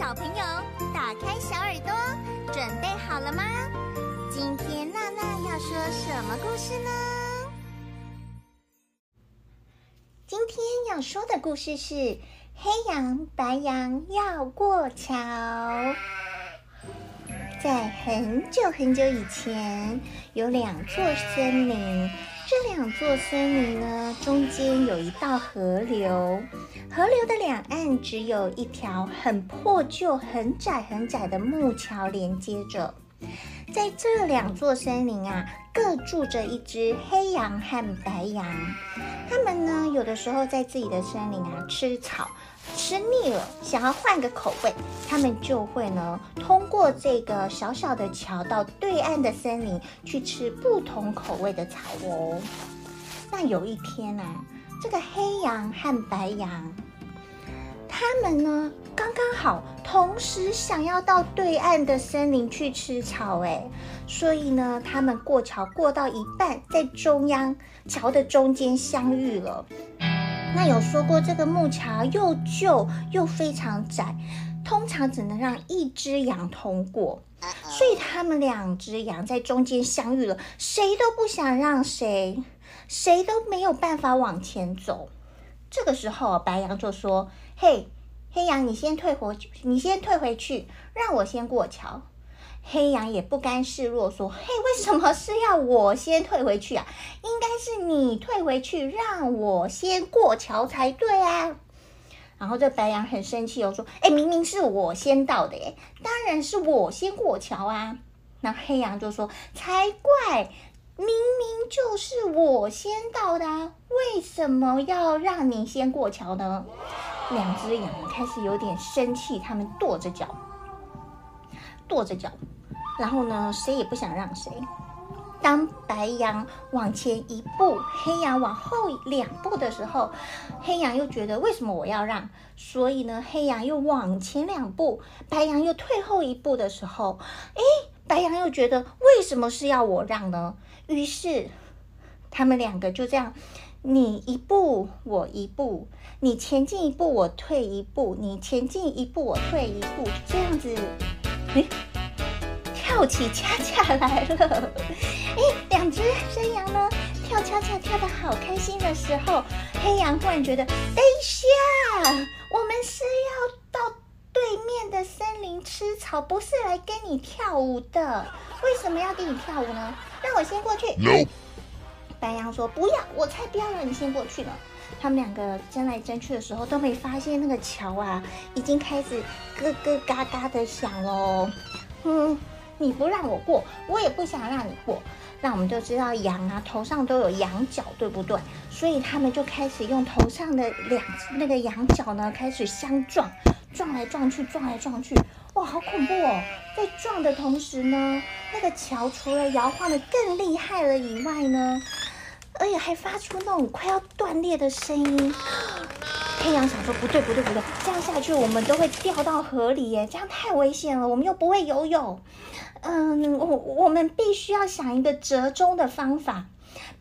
小朋友，打開小耳朵，準備好了嗎？今天娜娜要說什麼故事呢？今天要說的故事是《黑羊、白羊要過橋》。在很久很久以前，有兩座森林。這兩座森林呢，中間有一道河流，河流的兩岸只有一條很破舊、很窄、很窄的木橋連接着。在這兩座森林啊，各住着一隻黑羊和白羊，它們呢，有的時候在自己的森林啊吃草。吃膩了，想要換個口味，他們就會呢通過這個小小的橋到對岸的森林去吃不同口味的草哦。那有一天啊，這個黑羊和白羊，他們呢剛剛好同時想要到對岸的森林去吃草誒，所以呢他們過橋過到一半，在中央橋的中間相遇了。那有說過，這個木橋又舊又非常窄，通常只能讓一隻羊通過。所以他們兩隻羊在中間相遇了，誰都不想讓誰，誰都沒有辦法往前走。這個時候啊，白羊就說：“嘿，黑羊，你先退回去，你先退回去，讓我先過橋。”黑羊也不甘示弱，說：“嘿，為什麼是要我先退回去啊？應該是你退回去，讓我先過橋才對啊！”然後這白羊很生氣哦，說：“哎，明明是我先到的耶，哎，當然是我先過橋啊！”那黑羊就說：“才怪，明明就是我先到的啊，為什麼要讓你先過橋呢？”兩隻羊開始有點生氣，他們跺着腳。跺着腳，然後呢，誰也不想讓誰。當白羊往前一步，黑羊往後兩步的時候，黑羊又覺得為什麼我要讓？所以呢，黑羊又往前兩步，白羊又退後一步的時候，哎，白羊又覺得為什麼是要我讓呢？於是他們兩個就這樣，你一步我一步，你前進一步我退一步，你前進一步我退一步，這樣子。欸，跳起恰恰來了！欸，兩只山羊呢，跳恰恰跳得好開心的時候，黑羊忽然覺得，等一下，我們是要到對面的森林吃草，不是來跟你跳舞的，為什麼要跟你跳舞呢？讓我先過去。No. 白羊說：“不要，我才不要讓你先過去呢。”他們兩個爭來爭去的時候，都沒發現那個橋啊，已經開始咯咯嘎嘎的響嘍。嗯，你不讓我過，我也不想讓你過。那我們就知道羊啊，頭上都有羊角，對不對？所以他們就開始用頭上的兩那個羊角呢，開始相撞，撞來撞去，撞來撞去。哇，好恐怖哦！在撞的同時呢，那個橋除了搖晃得更厲害了以外呢，而且還發出那種快要斷裂的聲音。黑羊想說，不對不對不對，這樣下去我們都會掉到河裡耶，這樣太危險了，我們又不會游泳。嗯，我我們必須要想一個折衷的方法。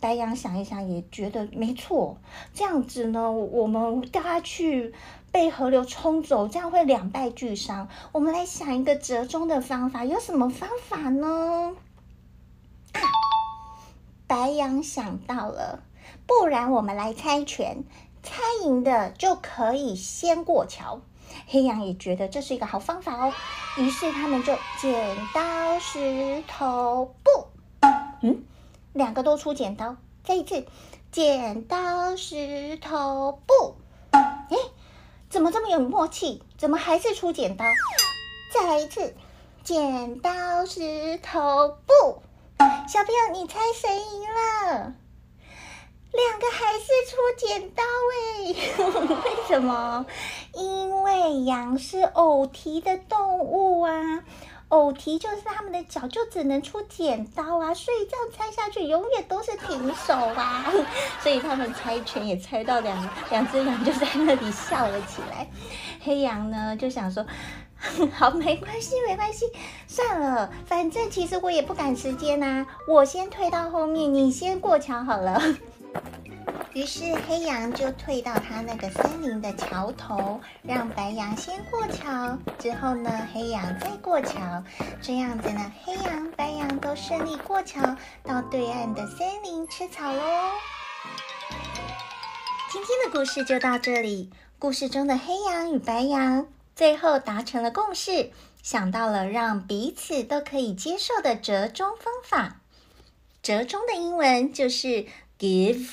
白羊想一想，也覺得沒錯，這樣子呢，我們大家去。被河流沖走，這樣會兩敗俱傷。我們來想一個折中的方法，有什麼方法呢？啊，白羊想到了，不然我們來猜拳，猜贏的就可以先過橋。黑羊也覺得這是一個好方法哦，於是他們就剪刀石頭布。嗯，兩個都出剪刀，再一次，剪刀石頭布。很默契，怎麼還是出剪刀？再來一次，剪刀石頭布，小朋友你猜誰贏了？兩個還是出剪刀哎、欸， 為什麼？因為羊是偶蹄的動物啊。偶蹄、哦、就是他們的腳就只能出剪刀啊，所以這樣猜下去永遠都是平手啊， 所以他們猜拳也猜到兩兩只羊就在那裡笑了起來。黑羊呢就想說呵呵，「好，沒關係，沒關係，算了，反正其實我也不趕時間啊。」我先退到後面，你先過橋好了。於是黑羊就退到它那個森林的橋頭，讓白羊先過橋。之後呢，黑羊再過橋。這樣子呢，黑羊、白羊都順利過橋，到對岸的森林吃草嘍。今天的故事就到這裡。故事中的黑羊與白羊最後達成了共識，想到了讓彼此都可以接受的折中方法。折中的英文就是 give。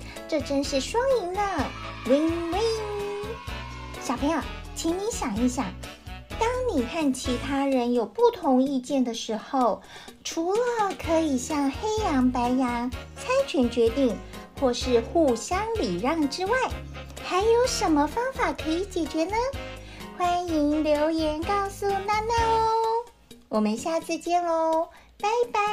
這真是雙贏呢，win win。小朋友，請你想一想，當你和其他人有不同意見的時候，除了可以像黑羊、白羊猜拳決定，或是互相禮讓之外，還有什麼方法可以解決呢？歡迎留言告訴娜娜哦，我們下次見嘍，拜拜。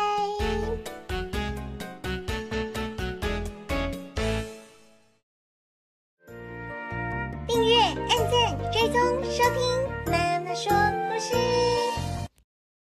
收聽。